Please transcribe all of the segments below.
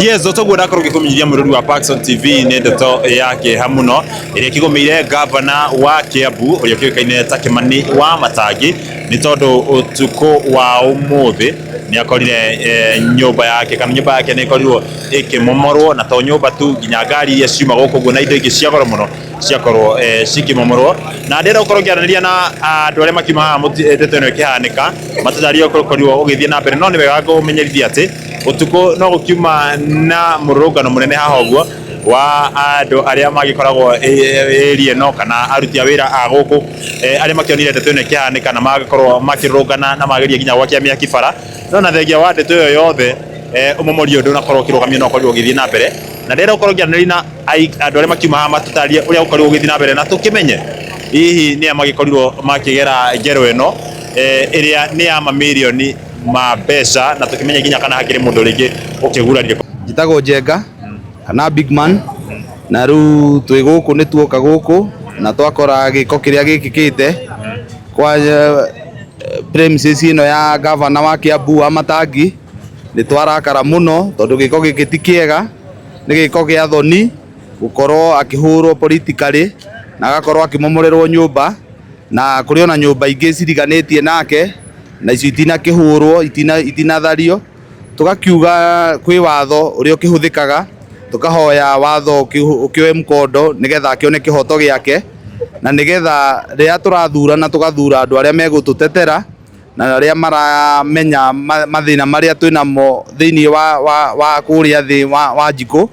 yes toguo ndakorwo ngikuminyiria mwiruri wa Parkson TV ni ndeto yake hamuno iria kigumiire gavana wa kä uria kaine ta mani wa Matangi ni å utuko wa umuthi ni akorire eh, mba yake kana mba yake ni korirwo momorwo na to mba tu nginya ngari iria ciuma guku guo na indo ingä ciagoro goro no ciakorwo eh, momorwo na ndira aranä ria na ah, arä a makiuma eh, ndeto ka ikihanika matutarie korirwo ugithie na mbere no ni wega gumenyerithia ati utuko no gukiuma na murungano munene haha uguo wa andu aria magikoragwo area no kana aruti a wira a guku e, aria makionire ndeto ino ikihanika na magikorwo makirungana na mageria nginya gwakia miaki bara no na thengia wa ndeto iyo yothe umomori e, undu unakorwo ukirugamio na ukorirwo ugithii na mbere na ndenda gukorwo ngianĩria na andu aria makiuma haha matutarie uria gukorirwo ugithii na mbere na tukimenye hihi ni a magikorirwo makigera ngero ino iria e, ni ya mamilioni mapesa na tukimenye nginya kana hakiri mundu ringi ukigura riko jitagwo jenga kana big man na ru twi guku ni tuoka guku na twakora giko kiria gikikite kwa eh, premises ino ya gavana wa Kiambu wa Matangi ni twarakara muno tondu giko giki ti kiega ni giko gia thoni gukorwo akihurwo politically na agakorwo akimomorerewo nyumba na kuri ona nyumba ingi ciriganitie nake na icio itinakihuurwo itinathario tugakiuga kwi watho uria ukihuthikaga tukahoya watho ukioe mkondo nigetha akione kihoto giake na nigetha riria turathurana tugathura andu aria megututetera na aria maramenya mathina maria twinamo thiini wa wa wa kuria thi wa, wa jiko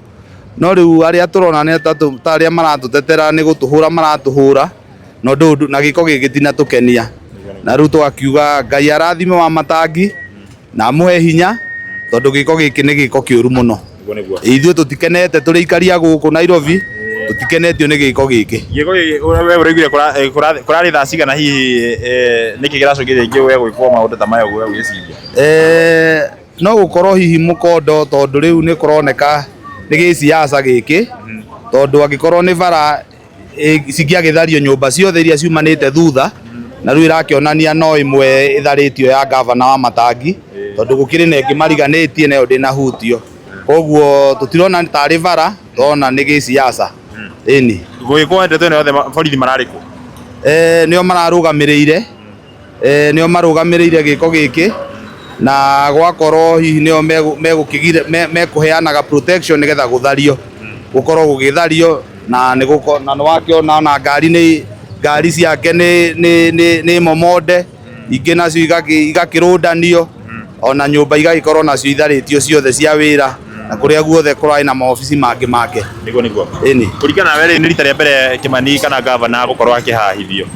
no riu aria turona ni ta aria maratutetera ni gutuhura maratuhura no ndu na giko gigi tina tukenia na riu akiuga ngai arathime wa matangi na amuhe hinya tondu giko giki ni giko kiuru muno ithuĩ tutikenete tũrĩ ikaria guku Nairobi tutikenetio nĩ gĩko gĩkĩ ũraigire kũrarĩ thaa cigana hihi nĩkĩ kĩracũngĩrĩirie we gwĩkwo maũndũ ta maya ũguo ũgĩciria no gũkorwo hihi mũkondo tondũ rĩu nĩ kũroneka nĩ gĩciaca giki tondu angĩkorwo ni bara cingĩagĩthario nyũmba ciothe iria ciumanite thutha na rä u onania no ä mwe ä ya gavana wa matangi tondå gå kä rä na ä ngä nayo ndä na hutio koguo tå tirona tarä bara tona nä gä ciaca hmm. ni gå gä kwo ndeto yothe borithi mararä kå e, nä o mararå gamä rä ire e, nä o marå gamä rä ire gä ko gä kä na gwakorwo hihi nä o mekå heanaga nä getha gå thario hmm. gå korwo gå gä thario na nä wakĩona ona ngari nä ngari ciake nĩ momonde mm. ingĩ nacio igakĩrũndanio mm. ona nyũmba igagĩkorwo nacio itharĩtio ciothe cia wira mm. na kuria guothe kurai na maofici make make niguo niguo ini kuringana wele ni rita ria mbere Kimani kana gavana gukorwo akihahithio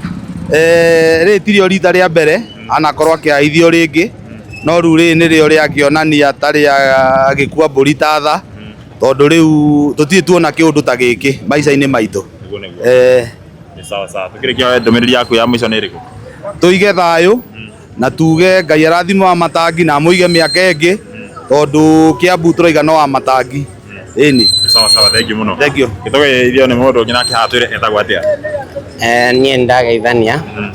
eh ri tirio rita ria mbere anakorwo akihahithio ringi no ru ri ni rio riakionania tari agikua mburi ta tha tondu riu tutirĩ tuona kiundu ta giki maica-ini maitu eh ni sawa sawa. Tukirikia ndomereri yaku ya mwisho ni iriku? Tuige thayo na tuge Ngai arathima wa matangi na muige miaka ingi tondu Kiambu turaiga no wa matangi ini. Hmm. sawa sawa. Thank you muno. Thank you. Gitogo ithio ni mundu ngina kihaha twire etagwo atia? Eh, nie ndageithania hmm.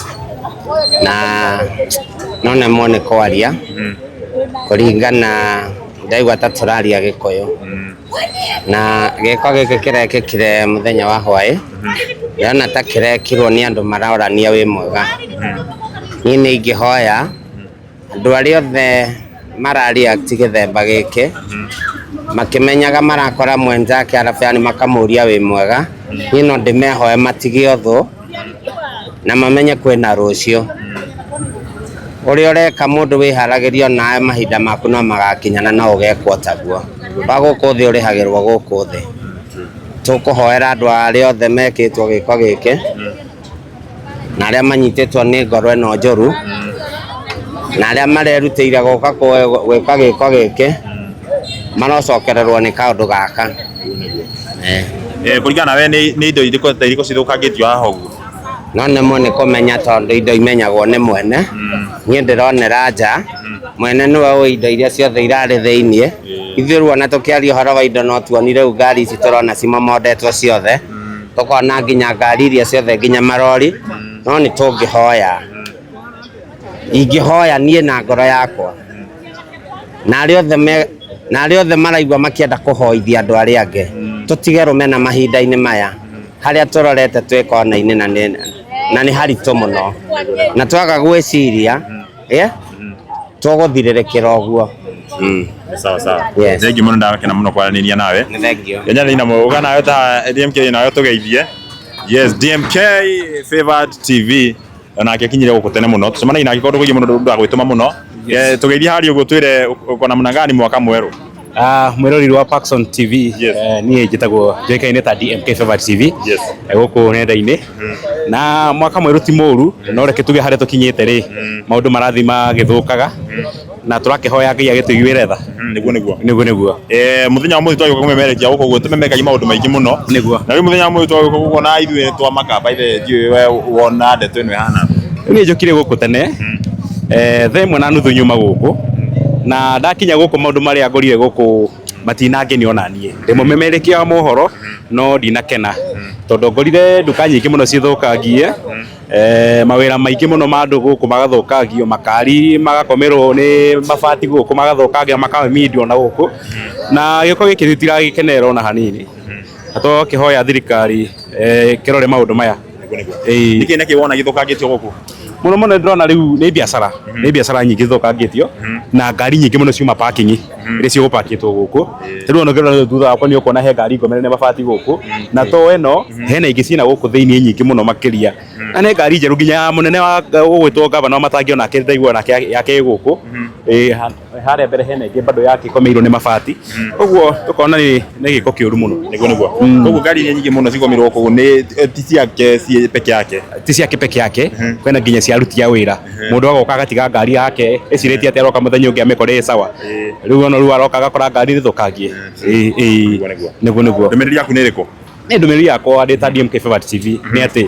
na none mone kwaria hmm. kuringana ndaigua ta turaria gikuyu na giko giki må muthenya wa hwai ndona ta rekirwo ni andu maraorania wä mwega ni ni ingihoya andu aria othe mararia kä makä menyaga marakora mwenzake makamå makamuria wä mwega ni no ndimehoe matigie uthu na mamenye kwina rucio uria ureka mundu wiharagirio nae mahinda maku no magakinyana na no ugekwo taguo wa guku thi urihagirwo guku thi tukuhoera andu aria othe mekitwo giko giki na aria manyititwo ni ngoro ino njuru na aria marerutire guka gwika giko giki marocokererwo ni kaundu gaka eh, kuringana nawe ni indo iriko cithukangitio haha uguo no nemwo nä menya tondå indo imenyagwo nä mwene hmm. niä ndä ronera nja hmm. mwene nä we å indo iria ciothe irarä thä iniä ithuä ruona tå kä aria å horo wa indo no tuonire u ngari ici tå rona cimomondetwo ciothe hmm. tå kona nginya ngari iria ciothe nginya marori no nä tå ngä hoya ingä hoya niä na ngoro yakwa na arä othe maraigua enda kå hoithia andå arä angä tå tige rå mena mahinda-inä maya harä a tå rorete twä konainä inä na nä haritå må no na twaga gwä ciria mm. mm. tågåthiräräkära å guo mm. sawa sawa thengi må no ndagakena må no kwaranä nawe enya thä ina må nawe ta DMK nawe tå geithie yes DMK favored TV onake akinyire gå kå tene må no tå cemanai nake korwo ndå gå må no ndagwä tå ma må no eh, tå geithie harä å guo twä re å kona må na gani mwaka mwerå Ah, mwiroriri wa Paxson TV eh, nie njitagwo njoikaine ta DMK Favorite TV eh, guku nenda-ini hmm. na mwaka mweru ti muru hmm. no reke tuge haria tukinyite ri hmm. maundu marathi magithukaga na turakihoya eh, ngai agitiguire tha niguo niguo niguo niguo eh muthenya wa muthi twagiuka kumemerekia guku guo tumemekagia maundu maingi muno niguo na riu muthenya wa muthi twagiuka guku na ithuĩ twamaka baithe thiĩ we wona ndeto ĩno ĩhana niĩ njokire guku tene eh thaa ĩmwe nuthu nyuma guku na ndakinya guku maundu maria ngorire guku matinange ni onanie ndi mumemerekia wa mohoro no ndinakena tondu ngorire nduka nyingi muno cithukangie eh, mawira maingi muno ma andu guku magathukangio makari magakomerwo ni mabati guku makawe midio na guku na giko giki titiragikenerera ona hanini ato kihoya thirikari eh, kirore maundu maya niki niki wona githukangitio guku muno muno ndirona riu ni biacara mhm. ni biacara nyingi thukangitio mhm. na ngari nyingi muno ciuma parking mhm. ri cio gupakitwo guku riu ona ngira thutha wakwa ni ukona he ngari ngomere ne mabati guku na to eno hena ingi ciina guku thiini nyingi muno makiria na ne ngari njeru nginya munene wa gwitwo gavana matagiona akirite igwa nake yake guku a mbere hena ingi bado yake komeirwo ni mabati koguo mm. tukona ni ni giko kiuru muno niguo niguo mm. koguo ngari iria nyingi muno cigomirwo koguo ni eh, ti ciake si peke yake ti ciake peke yake mm-hmm. kwena nginya cia aruti a wira mundu mm-hmm. agoka agatiga ngari yake icirĩtie atĩ aroka mũthenya ũngĩ amĩkore ĩ sawa eh. rĩu ona rĩu aroka agakora ngari rĩthũkangie mm-hmm. nĩguo nĩguo ndũmĩrĩri yaku nĩ ĩrĩkũ nä ndå mä rä ri yakwa ndä ta DMK TV nä atä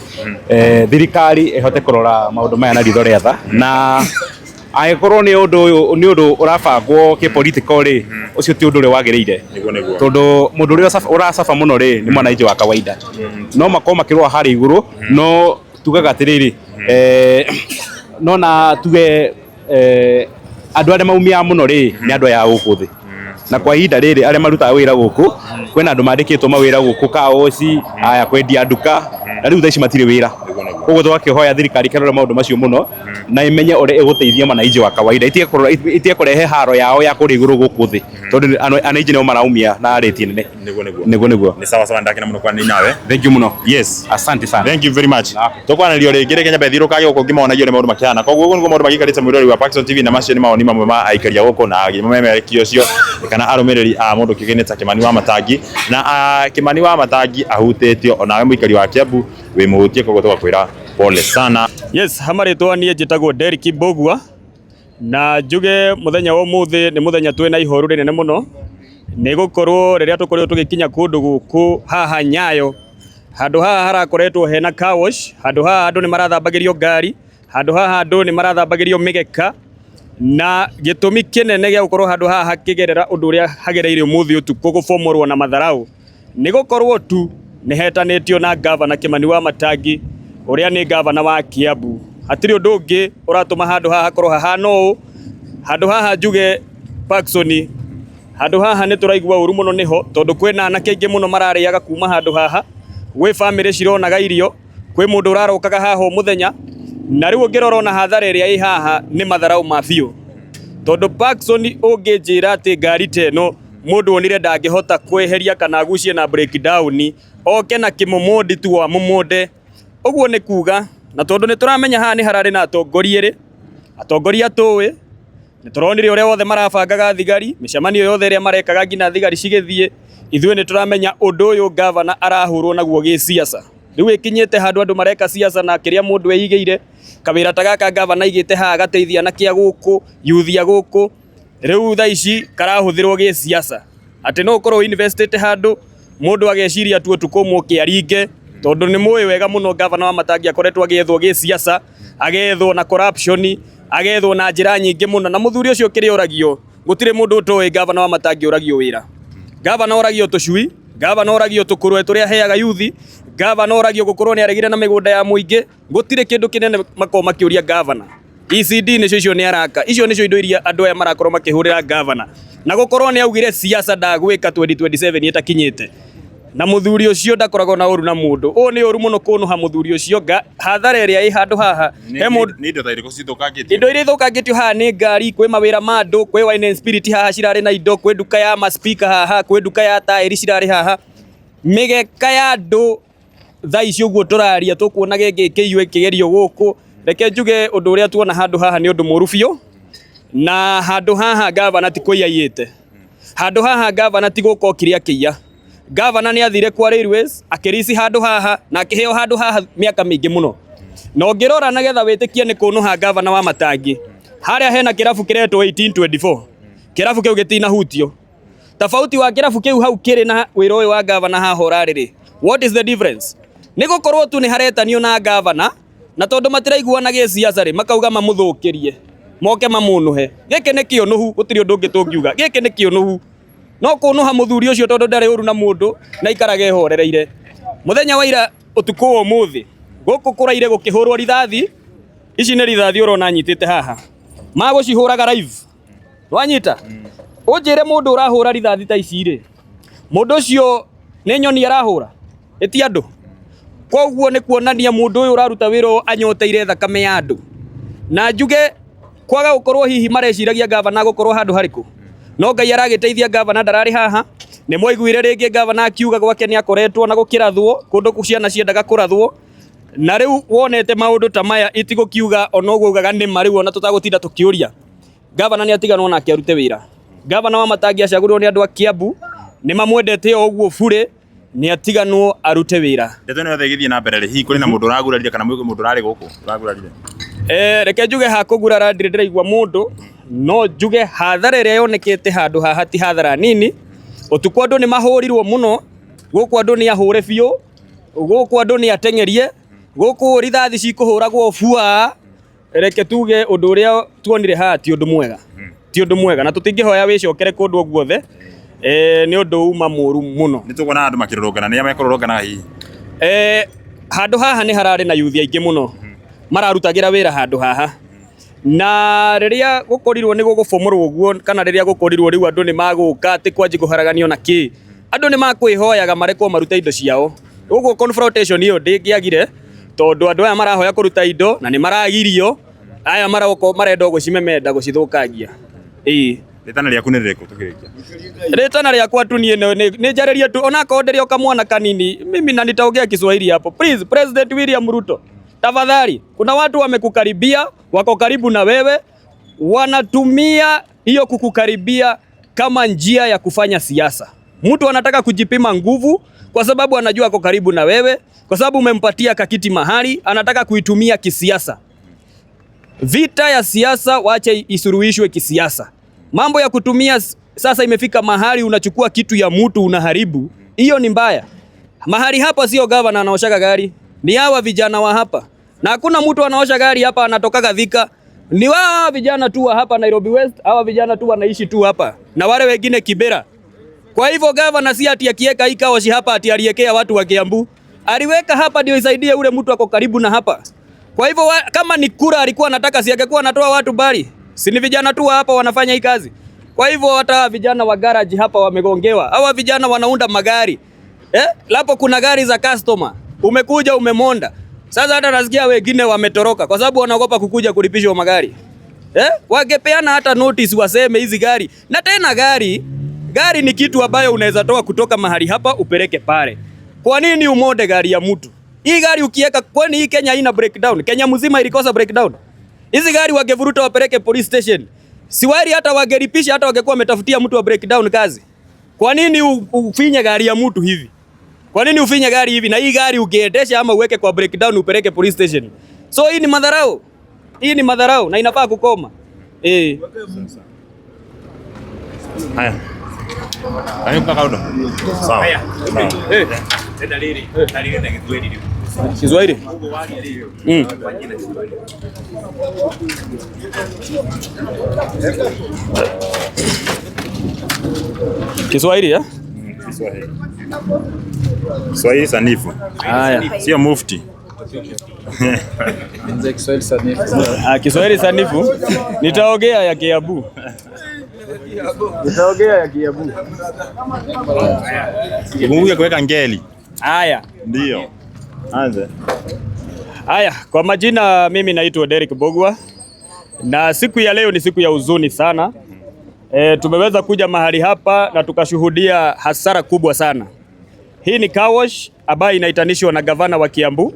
thirikari ä hote kå rora maå ndå maya na ritho rä etha na angikorwo ni undu ni nä å ndå å political ri å mm-hmm. cio ti å ndå å rä wagä rä ire tondå må ndå å rä a å racaba må wa kawaida mm-hmm. no makorwo makä hari harä igå rå mm-hmm. no tugaga atä rä rä no na tuge eh, andå arä a maumia må no rä nä andå aya gå kå thä na kwa ihinda rĩrĩ arĩa marutaga wĩra gũkũ kwĩna andũ mandĩkĩtwo mawĩra gũkũ kaoci aya kwendia nduka na rĩu thaici matirĩ wĩra koguo twakĩhoya thirikari ĩkarora maũndũ macio mũno na ĩmenye ũrĩa ĩgũteithia wananchi wa kawaida itige kũrehe haro yao ya kũrĩa igũrũ gũkũ thĩ tondũ wananchi nĩo maraumia na rĩti nene nĩguo nĩguo nĩ sawa sawa ndakena mũno kwanĩ nawe thank you mũno yes asante sana thank you very much tũkwanĩrio rĩngĩ rĩkenya mbethirũkage gũkũ ngĩmonagio nĩ maũndũ makĩhana koguo ũguo nĩguo maũndũ magĩikarĩte mwĩrori wa Paxton TV na macio nĩ maoni mamwe ma aikaria gũkũ na memerekio ũcio kana arumiriri a mundu kĩgĩni ta Kimani wa Matangi na Kimani wa Matangi ahutetio onawe mũikari wa Kiambu wĩ mũhutie koguo tũgakwĩra pole sana yes hamarĩtwa niĩ njĩtagwo Derrick Mbũgua na njuge muthenya wa muthi ni muthenya na ihoru rinene muno ni gukorwo riria tukorirwo tugikinya kundu guku haha Nyayo handu haha harakoretwo hena car wash handu haha andu ni marathambagirio ngari handu haha andu ni marathambagirio migeka na gĩtũmi kĩnene gĩa gũkorwo handũ haha hakĩgerera ũndũ ũrĩa hagereire ũmũthĩ ũtukũ gũbomorwo na matharaũ nĩ gũkorwo tu nĩ hetanĩtio na ngavana Kĩmani wa Matangi ũrĩa nĩ ngavana wa Kiambu hatiri ũndũ ũngĩ ũratũma handũ haha hakorwo hahana ũũ handũ haha njuge Paxson handũ haha nĩ tũraigua ũũru mũno nĩho tondũ kwĩna anake aingĩ mũno mararĩaga kuma handũ haha gwĩ bamĩrĩ cironaga irio kwĩ mũndũ ũrarokaga haha o na riu ngirora ona hathara iria i haha ni matharau ma tondu Parkson unginjira ati ngari teno mundu onire ndangihota kweheria kana gucie na breakdown oke na kimumundi tu wa mumunde uguo ni kuga na tondu ni turamenya haha ni harari na atongoria ri atongoria tuwi ni turonire uria wothe marabangaga thigari micemanio yothe iria marekaga ngina thigari cigithie ithuĩ ni turamenya undu uyu governor arahurwo naguo gi siasa riu ikinyite handu andu mareka siasa na kiria mundu eigire kawira ta gaka gavana igite ha gateithia na kia guku yuthia guku riu tha ici karahuthirwo gi siasa ati no ukorwo invested handu mundu ageciria tu tukumwo kiaringe tondu ni muwi wega muno gavana wa Matangi akoretwo agiethwo gi siasa agethwo na corruption agethwo na njira nyingi muno na muthuri ucio kiria oragio gutire mundu utoi gavana wa Matangi oragio wira gavana oragio tucui gavana oragio tukurwe turia heaga yuthi gavana oragio gukorwo ni aregire na migunda ya muingi gutire kindu kinene makoma makiuria gavana ECD ni nicio icio ni araka icio nicio indo iria andu aya marakorwo makihurira gavana na gukorwo ni augire siasa ndagwika 2027 itakinyite na muthuri ucio ndakoragwo na uru na mundu uu ni uru muno kunuha muthuri ucio hathara iria i handu haha indo iria ithukangitio haha ni ngari kwi mawira ma andu kwi wine and spirit haha cirari na indo kwi nduka ya maspika haha kwi nduka ya tairi cirari haha migeka ya andu thaa ici uguo turaria tukuona giki kiu kigerio guku reke njuge undu uria tuona handu haha ni undu muru biu na handu haha gavana ti kuiyaiite handu haha gavana ti guko kiria kiya gavana ni athire kwa railways akirisi handu haha na akiheo handu haha miaka mingi muno na ungirora getha witikie ni kunu ha gavana wa matangi haria hena kirabu kiretwo 1824 kirabu kiu gitina hutio tofauti wa kirabu kiu hau kiri na wira wa gavana haha urariri what is the difference nä korwo tu nä haretanio na ngavana na tondu matiraiguana gä ciaca rä makauga mamuthukirie moke mamunuhe he gä kä nä kä å nå hu gå tirä å no kå nå ha må thuri å cio tondå na mundu na ikarage horereire muthenya thenya wa ira å tukå wa å må thä gå rithathi ici nä rithathi å rona nyitä te haha magå cihå raga wanyita å mundu urahura rithathi ta icirä må ndå å cio nyoni arahura ra ä koguo nä kuonania må ndå å yå å raruta wä ra anyoteire thakame ya andå na njuge kwaga gå korwo hihi mareciragia gavana gå korwo handå harä kå no ngai aragä teithia ngavana ndararä haha nä mwaiguire rä ngä ngavana akiuga gwake nä akoretwo na gå kä rathwo kå ndå ciana ciendaga kå rathwo na rä u wonete maå ndå ta maya itigå kiuga onoguo ugaga nä ma rä u ona tå tagå tinda tå kä å ria ngavana nä atiganwo na akä arute wä ra ngavana wa matangi acagå rä rwo nä andå a ambu nä mamwendete o å guo burä ni atiganwo arute wira ndeto ni thegithie na mbere hi kuri na mundu uragurarire kana mundu urari guku uragurarire eh reke njuge ha kugurara ndire ndiraigua mundu no njuge hathara iria yonekete handu ha hati hathara nini utuku andu ni mahurirwo muno guku andu ni ahure biu guku andu ni atengerie guku rithathi cikuhuragwo bua reke tuge undu uria tuonire haha ti undu mwega hmm. ti undu mwega na tutingihoya wicokere kundu guothe eh ni undu uma muru muno ni tugona andu makirurungana ni amekororongana hi eh handu haha ni harari na yuthi aingi muno hmm. mararutagira wira handu haha hmm. na riria gukorirwo ni gugubomorwo guo kana riria gukorirwo riu andu ni maguka ati kwaji kuharaganio na ki hmm. andu ni makwihoyaga marekwo maruta indo ciao guko confrontation iyo ndingiagire tondu andu aya marahoya kuruta indo na ni maragirio aya marako marenda gucimemenda gucithukangia ii ritana rĩaku nĩ rĩrĩkũ tũkĩrĩkia ritana rĩakwa tu niĩ nĩ jareria tu onakorwo ndĩrĩ o kamwana kanini mimi na nitaongea Kiswahili hapo please President William Ruto tafadhali kuna watu wamekukaribia wako karibu na wewe wanatumia hiyo kukukaribia kama njia ya kufanya siasa mtu anataka kujipima nguvu kwa sababu anajua ako karibu na wewe kwa sababu umempatia kakiti mahali anataka kuitumia kisiasa vita ya siasa wache isuruhishwe kisiasa Mambo ya kutumia sasa imefika mahali unachukua kitu ya mtu unaharibu, hiyo ni mbaya. Mahali hapa sio gavana anaoshaga gari, ni hawa vijana wa hapa, na hakuna mtu anaosha gari hapa anatokaga Thika. Ni wao vijana tu wa hapa Nairobi West, hawa vijana tu wanaishi tu hapa na wale wengine Kibera. Kwa hivyo gavana si ati akiweka hii kawashi hapa ati aliekea watu wa Kiambu, aliweka hapa ndio isaidie ule mtu ako karibu na hapa. Kwa hivyo kama ni kura alikuwa anataka, si angekuwa anatoa watu bali Si ni vijana tu hapa wanafanya hii kazi. Kwa hivyo hata vijana wa garage hapa wamegongewa. Hawa vijana wanaunda magari. Eh? Lapo kuna gari za customer. Umekuja umemonda. Sasa hata nasikia wengine wametoroka kwa sababu wanaogopa kukuja kulipishwa magari. Eh? wagepeana hata notice waseme hizi gari. Na tena gari, gari ni kitu ambayo unaweza toa kutoka mahali hapa upeleke pale. Kwa nini umonde gari ya mtu? Hii gari ukiweka, kwani hii Kenya haina breakdown? Kenya mzima ilikosa breakdown. Hizi gari wangevuruta wapeleke police station. Siwari hata wangelipisha hata wangekuwa wametafutia mtu wa breakdown kazi. Kwa nini ufinye gari ya mtu hivi? Kwa nini ufinye gari hivi? Na hii gari ukiendesha ama uweke kwa breakdown upeleke police station. So hii ni madharau. Hii ni madharau na inafaa kukoma. Eh. Haya. Haya mpaka huko. Sawa. Haya. Eh. eh ndio dalili. Dalili na kitu hili. Kiswahili? Mm. Kiswahili ya? Kiswahili. Kiswahili sanifu. Haya, sio mufti. Ah, Kiswahili sanifu Nitaogea ya Kiabu. Nitaogea ya Kiabu. Kuweka ngeli. Haya, ndio. Anze. Haya, kwa majina mimi naitwa Derek Bogwa na siku ya leo ni siku ya huzuni sana. E, tumeweza kuja mahali hapa na tukashuhudia hasara kubwa sana. Hii ni kawash ambayo inaitanishwa na gavana wa Kiambu.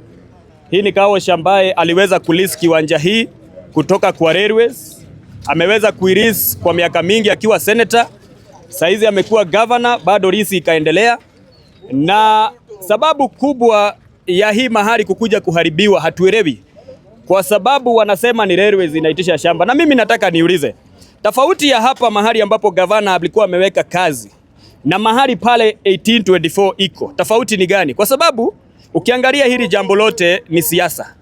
Hii ni kawash ambaye aliweza kulisi kiwanja hii kutoka kwa Railways. Ameweza kuilisi kwa miaka mingi akiwa senator. Saizi amekuwa gavana, bado lisi ikaendelea na sababu kubwa ya hii mahali kukuja kuharibiwa hatuelewi, kwa sababu wanasema ni railways inaitisha shamba. Na mimi nataka niulize tofauti ya hapa mahali ambapo gavana alikuwa ameweka kazi na mahali pale 1824 iko tofauti ni gani? Kwa sababu ukiangalia hili jambo lote ni siasa,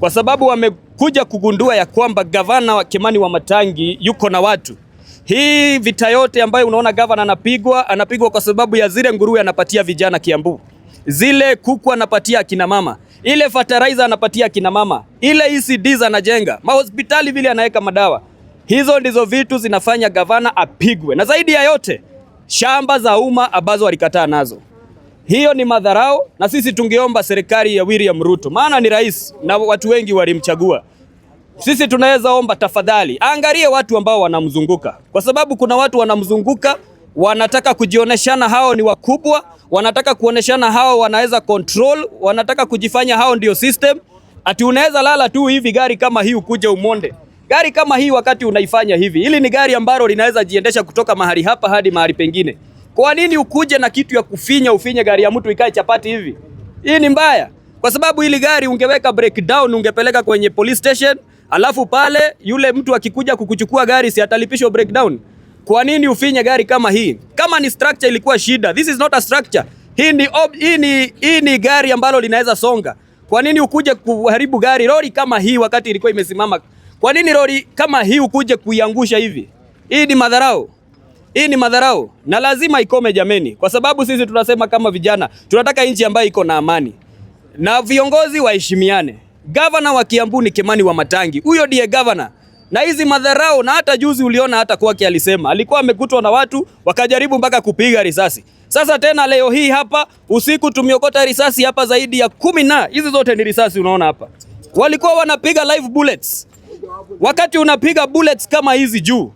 kwa sababu wamekuja kugundua ya kwamba gavana wa Kimani wa Matangi yuko na watu. Hii vita yote ambayo unaona gavana anapigwa, anapigwa kwa sababu ya zile nguruwe anapatia vijana Kiambu zile kuku anapatia akina mama, ile fertilizer anapatia akina mama, ile ECDs anajenga mahospitali, vile anaweka madawa. Hizo ndizo vitu zinafanya gavana apigwe, na zaidi ya yote shamba za umma ambazo walikataa nazo. Hiyo ni madharau, na sisi tungeomba serikali ya William Ruto, maana ni rais na watu wengi walimchagua. Sisi tunaweza omba, tafadhali angalie watu ambao wanamzunguka, kwa sababu kuna watu wanamzunguka wanataka kujioneshana hao ni wakubwa, wanataka kuoneshana hao wanaweza control, wanataka kujifanya hao ndio system. Ati unaweza lala tu hivi gari kama hii ukuje umonde gari kama hii wakati unaifanya hivi. ili ni gari ambalo linaweza jiendesha kutoka mahali hapa hadi mahali pengine. Kwa nini ukuje na kitu ya kufinya ufinye gari ya mtu ikae chapati hivi? Hii ni mbaya, kwa sababu ili gari ungeweka breakdown, ungepeleka kwenye police station, alafu pale yule mtu akikuja kukuchukua gari si atalipishwa breakdown? Kwa nini ufinye gari kama hii? Kama ni structure ilikuwa shida. This is not a structure. Hii ni, ob, hii ni, hii ni gari ambalo linaweza songa. Kwa nini ukuje kuharibu gari lori kama hii wakati ilikuwa imesimama? Kwa nini lori kama hii ukuje kuiangusha hivi? Hii ni madharau. Hii ni madharau na lazima ikome jameni, kwa sababu sisi tunasema kama vijana tunataka nchi ambayo iko na amani na viongozi waheshimiane. Gavana wa Kiambu ni Kimani wa Matangi, huyo ndiye gavana na hizi madharau. Na hata juzi uliona hata kwake alisema alikuwa amekutwa na watu wakajaribu mpaka kupiga risasi. Sasa tena leo hii hapa usiku tumeokota risasi hapa zaidi ya kumi, na hizi zote ni risasi. Unaona hapa walikuwa wanapiga live bullets. Wakati unapiga bullets kama hizi juu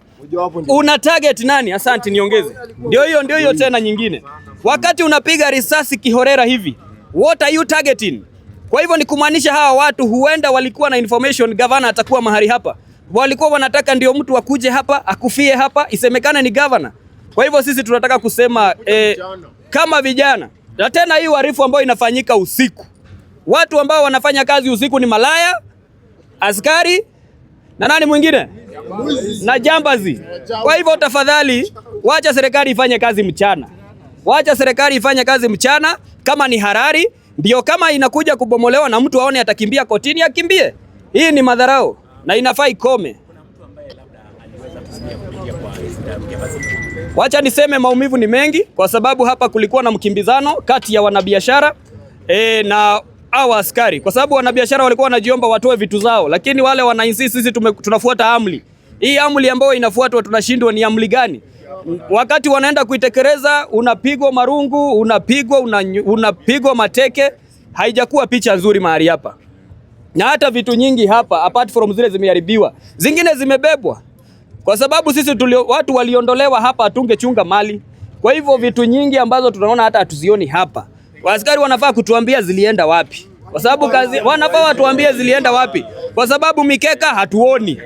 una target nani? Asante, niongeze. Ndio hiyo, ndio hiyo tena nyingine. Wakati unapiga risasi kihorera hivi, what are you targeting? Kwa hivyo ni kumaanisha hawa watu huenda walikuwa na information, gavana atakuwa mahali hapa walikuwa wanataka ndio mtu akuje hapa akufie hapa, isemekane ni gavana. Kwa hivyo sisi tunataka kusema eh, kama vijana na tena hii uharifu ambayo inafanyika usiku, watu ambao wanafanya kazi usiku ni malaya, askari na nani mwingine na jambazi. Kwa hivyo tafadhali, wacha serikali ifanye kazi mchana, wacha serikali ifanye kazi mchana. Kama ni harari, ndio kama inakuja kubomolewa na mtu aone atakimbia kotini, akimbie. Hii ni madharau na inafaa ikome. Wacha niseme maumivu ni mengi, kwa sababu hapa kulikuwa na mkimbizano kati ya wanabiashara e, na hawa askari, kwa sababu wanabiashara walikuwa wanajiomba watoe vitu zao, lakini wale wana insist sisi tunafuata amri hii. Amri ambayo inafuatwa tunashindwa ni amri gani? Wakati wanaenda kuitekeleza, unapigwa marungu, unapigwa unapigwa mateke. Haijakuwa picha nzuri mahali hapa na hata vitu nyingi hapa apart from zile zimeharibiwa, zingine zimebebwa, kwa sababu sisi tuli, watu waliondolewa hapa, hatungechunga mali. Kwa hivyo vitu nyingi ambazo tunaona hata hatuzioni hapa, askari wanafaa kutuambia zilienda wapi, kwa sababu kazi wanafaa watuambie zilienda wapi, kwa sababu mikeka hatuoni,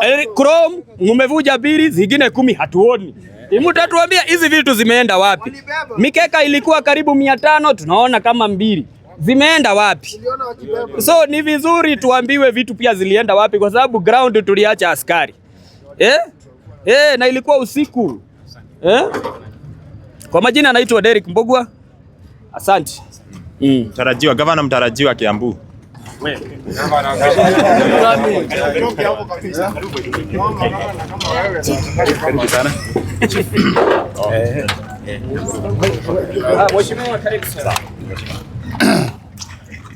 eh, chrome mmevuja biri zingine kumi hatuoni mtatuambia hizi vitu zimeenda wapi? Mikeka ilikuwa karibu mia tano tunaona kama mbili zimeenda wapi? So ni vizuri tuambiwe vitu pia zilienda wapi, kwa sababu ground tuliacha askari eh? Eh, na ilikuwa usiku eh? Kwa majina anaitwa Derek Mbogwa. Asante. Mm. Tarajiwa gavana mtarajiwa Kiambu.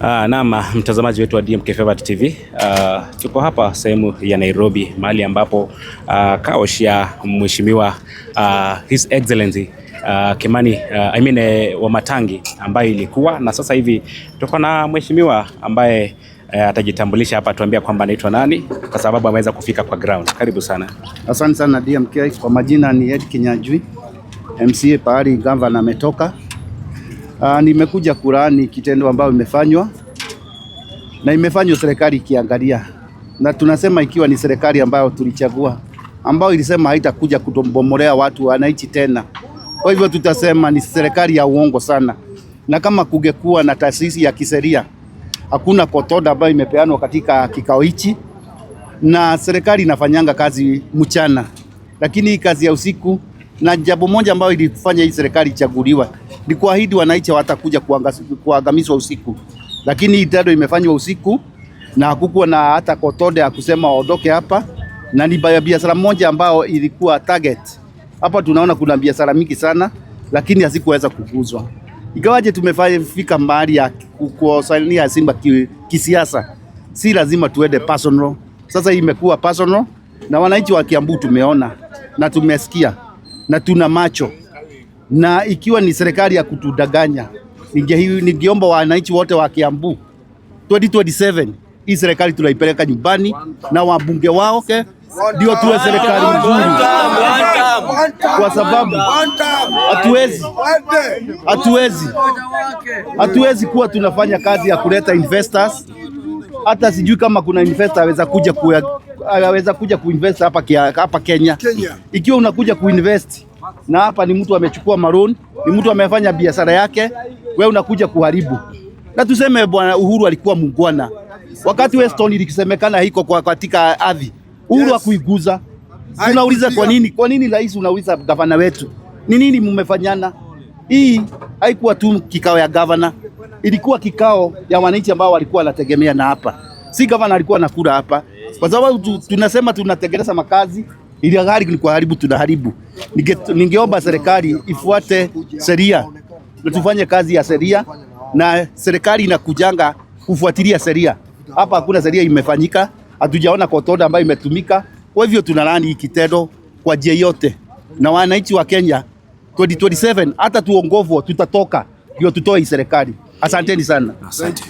Uh, naam mtazamaji wetu wa DMK Favorite TV uh, ah, tuko hapa sehemu ya Nairobi mahali ambapo uh, ah, kaosh ya mheshimiwa uh, His Excellency uh, Kimani uh, I mean uh, Wamatangi ambayo ilikuwa na sasa hivi tuko na mheshimiwa ambaye uh, atajitambulisha hapa, tuambia kwamba anaitwa nani kwa sababu ameweza kufika kwa ground. Karibu sana. Asante sana DMK. Kwa majina ni Ed Kinyajui MCA pahali gavana ametoka Aa, ah, nimekuja kulaani kitendo ambayo imefanywa na imefanywa serikali ikiangalia, na tunasema ikiwa ni serikali ambayo tulichagua, ambayo ilisema haitakuja kutombomolea watu wanaichi tena. Kwa hivyo tutasema ni serikali ya uongo sana, na kama kungekuwa na taasisi ya kisheria, hakuna kotoda ambayo imepeanwa katika kikao hichi, na serikali inafanyanga kazi mchana, lakini kazi ya usiku na jambo moja ambayo ilifanya hii serikali ichaguliwa ni kuahidi wananchi watakuja kuangamizwa usiku, lakini itado imefanywa usiku na hakukuwa na hata kotode ya kusema waondoke hapa, na ni biashara moja ambayo ilikuwa target hapa. Tunaona kuna biashara mingi sana, lakini hazikuweza kuguzwa. Ingawaje tumefika mahali ya kuosania Simba kisiasa, si lazima tuende personal. Sasa imekuwa personal, na wananchi wa Kiambu tumeona na tumesikia na tuna macho, na ikiwa ni serikali ya kutudanganya, ningeomba wananchi wote wa Kiambu 2027 hii serikali tunaipeleka nyumbani na wabunge wao ke Ndio tuwe serikali nzuri, kwa sababu hatuwezi hatuwezi hatuwezi kuwa tunafanya kazi ya kuleta investors. Hata sijui kama kuna investor aweza kuja anaweza kuja kuinvest hapa hapa Kenya. Kenya. Ikiwa unakuja kuinvest na hapa ni mtu amechukua maroon, ni mtu amefanya biashara yake, wewe unakuja kuharibu. Na tuseme bwana Uhuru alikuwa mungwana wakati Weston ilikisemekana hiko kwa katika ardhi Uhuru hakuiguza. Yes. Unauliza kwa nini? Kwa nini rais, unauliza gavana wetu ni nini mmefanyana? Hii haikuwa tu kikao ya gavana, ilikuwa kikao ya wananchi ambao walikuwa wanategemea, na hapa si gavana alikuwa anakula hapa kwa sababu tunasema tunatengeneza makazi ili gari ni kuharibu, tunaharibu. Ningeomba serikali ifuate sheria na tufanye kazi ya sheria, na serikali inakujanga kufuatilia sheria. Hapa hakuna sheria imefanyika, hatujaona kotoda ambayo imetumika. Kwa hivyo tunalani hii kitendo kwa jia yote, na wananchi wa Kenya 2027 hata tuongovu tutatoka, ndio tutoe serikali. Asanteni sana. Asante.